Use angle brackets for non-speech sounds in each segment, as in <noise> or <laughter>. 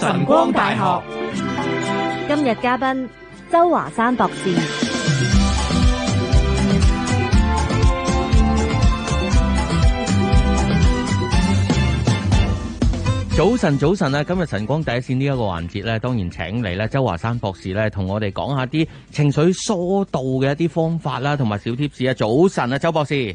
晨光大學今日嘉賓周華山博士。早晨，早晨啊！今日晨光第一綫呢一個環節咧，當然請嚟咧周華山博士咧，同我哋講下啲情緒疏導嘅一啲方法啦，同埋小貼士啊。早晨啊，周博士。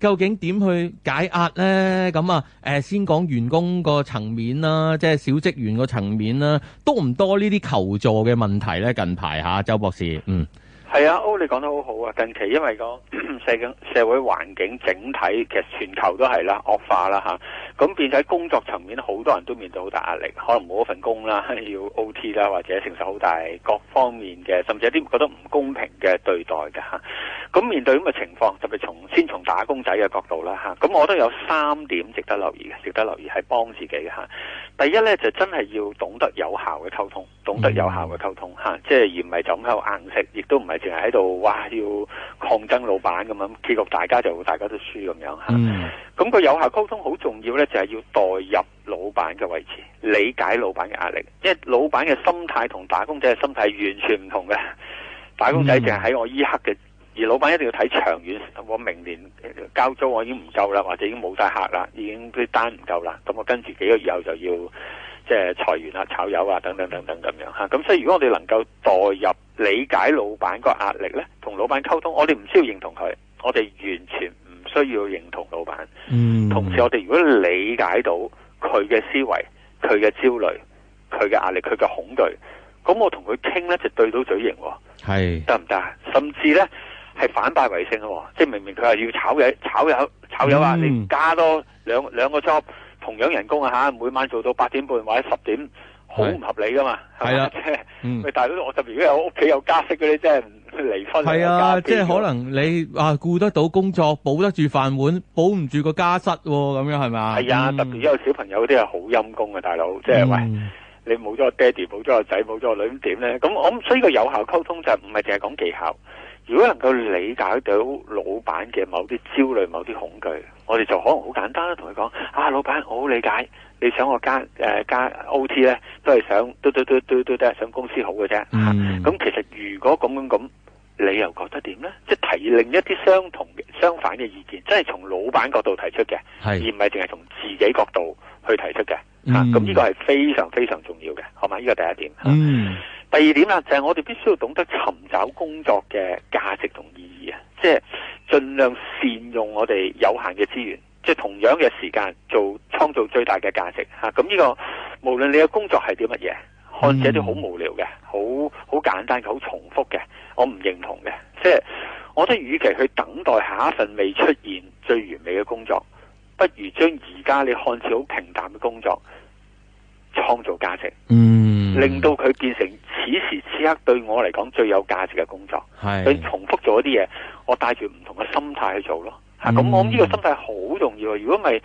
究竟點去解壓呢？咁啊，誒，先講員工個層面啦，即係小職員個層面啦，都多唔多呢啲求助嘅問題呢？近排吓，周博士，嗯，係啊，歐，你講得好好啊！近期因爲個社社會環境整體其實全球都係啦惡化啦吓，咁、啊、變咗喺工作層面，好多人都面對好大壓力，可能冇一份工啦，要 O T 啦，或者承受好大各方面嘅，甚至有啲覺得唔公平嘅對待㗎。吓。咁面對咁嘅情況，特別從先從打工仔嘅角度啦，吓，咁我都有三點值得留意嘅，值得留意係幫自己嘅吓。第一呢，就真係要懂得有效嘅溝通，懂得有效嘅溝通吓、嗯，即係而唔係就咁喺度硬食，亦都唔係淨係喺度哇要抗爭老闆咁樣，結局大家就大家都輸咁樣吓。咁、嗯個有效溝通好重要呢，就係、是、要代入老闆嘅位置，理解老闆嘅壓力，因為老闆嘅心態同打工仔嘅心態完全唔同嘅，打工仔淨係喺我依刻嘅。嗯而老闆一定要睇長遠，我明年交租我已經唔夠啦，或者已經冇晒客啦，已經啲單唔夠啦，咁我跟住幾個月後就要即係、就是、裁員啊、炒魷啊等等等等咁樣吓。咁、啊嗯、所以如果我哋能夠代入理解老闆個壓力呢，同老闆溝通，我哋唔需要認同佢，我哋完全唔需要認同老闆、嗯。同時我哋如果理解到佢嘅思維、佢嘅焦慮、佢嘅壓力、佢嘅恐懼，咁我同佢傾呢，就對到嘴型、哦，係得唔得？甚至呢。係反敗為勝咯，即係明明佢係要炒嘢、炒友、炒友啊、嗯！你加多兩兩個 job，同樣人工啊嚇，每晚做到八點半或者十點，好唔合理㗎嘛？係啊，即係、嗯、大佬，我特別如果有屋企有家室嗰啲，即係離婚係啊！即係可能你啊顧得到工作，保得住飯碗，保唔住個家室喎？咁樣係咪？係啊、嗯，特別有小朋友嗰啲係好陰公嘅，大佬即係喂你冇咗個爹哋，冇咗個仔，冇咗個女咁點咧？咁我所以個有效溝通就唔係淨係講技巧。如果能夠理解到老闆嘅某啲焦慮、某啲恐懼，我哋就可能好簡單啦，同佢講：啊，老闆，我好理解你想我加、呃、加 OT 咧，都係想都，都，都，都，都係想公司好嘅啫。咁、嗯啊、其實如果咁樣咁，你又覺得點咧？即係提另一啲相同嘅、相反嘅意見，即係從老闆角度提出嘅，是而唔係淨係從自己角度去提出嘅。咁、嗯、呢、啊、個係非常非常重要嘅，好嘛？呢、呢個第一點。嗯啊第二點啦，就係、是、我哋必須要懂得尋找工作嘅價值同意義啊！即係盡量善用我哋有限嘅資源，即、就、係、是、同樣嘅時間做創造最大嘅價值吓。咁、啊、呢、這個無論你嘅工作係啲乜嘢，看似啲好無聊嘅、好好簡單嘅、好重複嘅，我唔認同嘅。即、就、係、是、我覺得，與其去等待下一份未出現最完美嘅工作，不如將而家你看似好平淡嘅工作創造價值，令到佢變成。此時此刻對我嚟講最有價值嘅工作，係去重複做一啲嘢，我帶住唔同嘅心態去做咯。咁、嗯啊、我諗呢個心態好重要。如果唔係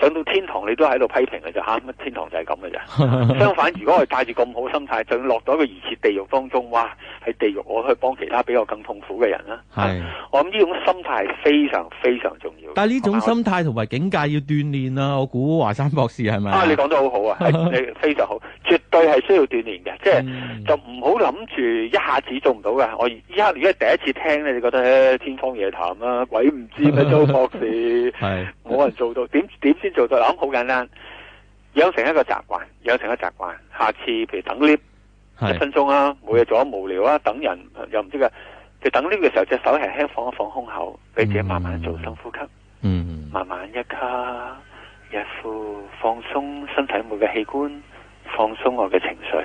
上到天堂，你都喺度批評嘅就吓，咁、啊、天堂就係咁嘅啫。 <laughs> 相反，如果我係帶住咁好心態，就落咗個疑似地獄當中，哇，喺地獄，我去幫其他比較更痛苦嘅人啦。係、啊，我諗呢種心態係非常非常重要。但係呢種心態同埋境界要鍛煉啦。我估華山博士係咪？啊，你講得好好啊，你非常好。 <laughs> 對係需要鍛煉嘅，即係、嗯、就唔好諗住一下子做唔到嘅。我依家如果第一次聽咧，你覺得、哎、天方夜譚啦、啊，鬼唔知咩周 <laughs> 博士係冇人做到。點點先做到諗，好簡單，養成一個習慣，養成一個習慣。下次譬如等 lift，一分鐘啊，冇嘢做啊、嗯、無聊啊，等人又唔知噶、啊。就等 lift 嘅時候，隻手輕輕放一放胸口，你自己慢慢做深呼吸，嗯，嗯慢慢一吸，一呼，放鬆身體每個器官。放鬆我嘅情緒，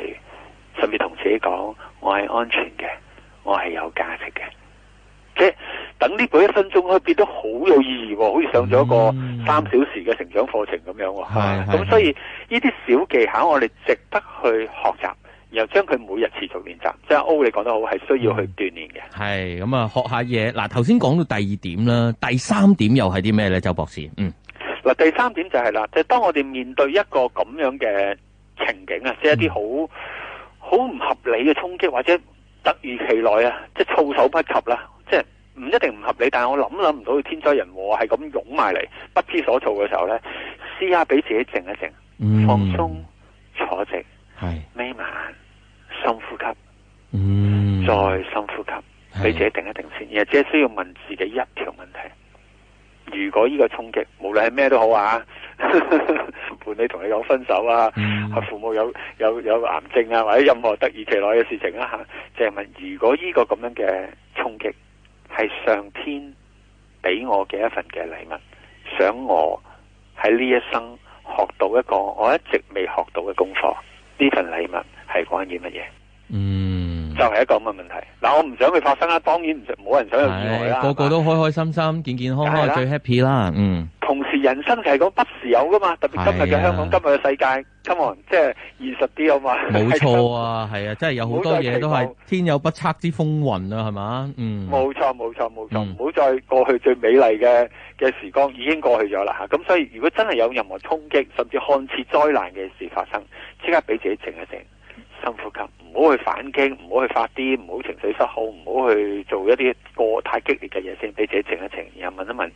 甚至同自己講我係安全嘅，我係有價值嘅。即係等呢個一分鐘，佢變得好有意義，好、嗯、似上咗一個三小時嘅成長課程咁樣。係咁、嗯，所以呢啲小技巧我哋值得去學習，然後將佢每日持續練習。即係 O，你講得好，係需要去鍛煉嘅。係咁啊，學下嘢。嗱，頭先講到第二點啦，第三點又係啲咩呢？周博士，嗯，嗱，第三點就係、是、啦，就係、是、當我哋面對一個咁樣嘅。情景啊，即、就、係、是、一啲好好唔合理嘅衝擊，或者突如其來啊，即係措手不及啦，即係唔一定唔合理，但係我諗都諗唔到佢天災人禍係咁湧埋嚟，不知所措嘅時候咧，試下俾自己靜一靜，放、嗯、鬆，坐直，係眯埋眼，深呼吸，嗯，再深呼吸，俾、嗯、自己定一定先。是而只係需要問自己一條問題：如果呢個衝擊，無論係咩都好啊，伴 <laughs> 你同你講分手啊。嗯。父母有有有癌症啊，或者任何突如其來嘅事情啊，吓，就係問，如果呢個咁樣嘅衝擊係上天俾我嘅一份嘅禮物，想我喺呢一生學到一個我一直未學到嘅功課，呢份禮物係關於乜嘢？嗯，就係、是、一個咁嘅問題。嗱，我唔想佢發生啦，當然唔想，冇人想有意外啦。個個都開開心心、健健康康最 happy 啦。嗯。人生就係講不時有噶嘛，特別今日嘅香港，啊、今日嘅世界，今日即係現實啲啊嘛。冇錯啊，係啊，啊，啊，真係有好多嘢都係天有不測之風雲啊，係嘛？嗯，冇錯冇錯冇錯，唔好、嗯、再過去最美麗嘅嘅時光已經過去咗啦。咁所以，如果真係有任何衝擊，甚至看似災難嘅事發生，即刻俾自己靜一靜，深呼吸，唔好去反擊，唔好去發啲，唔好情緒失控，唔好去做一啲過太激烈嘅嘢先。俾自己靜一靜，然後問一問。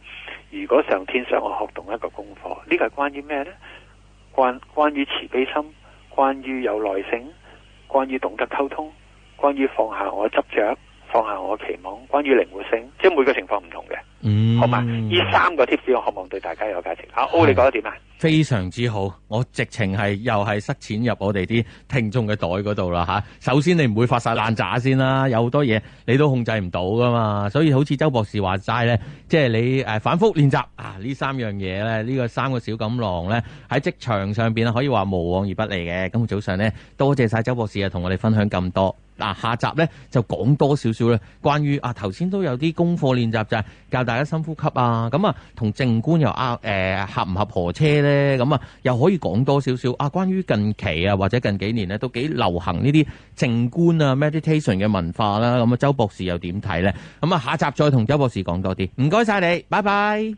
如果上天想我學懂一個功課，呢個係關於咩呢？關關於慈悲心，關於有耐性，關於懂得溝通，關於放下我執着，放下我期望，關於靈活性，即係每個情況唔同嘅、嗯，好嘛？呢三個 tips 我渴望對大家有價值。阿 O、啊、你覺得點啊？非常之好，我直情係又係塞錢入我哋啲聽眾嘅袋嗰度啦吓。首先你唔會發晒爛渣先啦，有好多嘢你都控制唔到㗎嘛。所以好似周博士話齋呢，即係你誒、啊、反復練習啊呢三樣嘢呢，呢、這個三個小錦囊呢，喺職場上邊可以話無往而不利嘅。今日早上呢，多謝晒周博士啊，同我哋分享咁多。嗱，下集咧就講多少少咧，關於啊頭先都有啲功課練習就係、是、教大家深呼吸啊，咁啊同靜觀又、啊、呃合唔合婆車咧，咁啊又可以講多少少啊，關於近期啊或者近幾年咧都幾流行呢啲靜觀啊 meditation 嘅文化啦，咁啊周博士又點睇咧？咁啊下集再同周博士講多啲，唔該晒你，拜拜。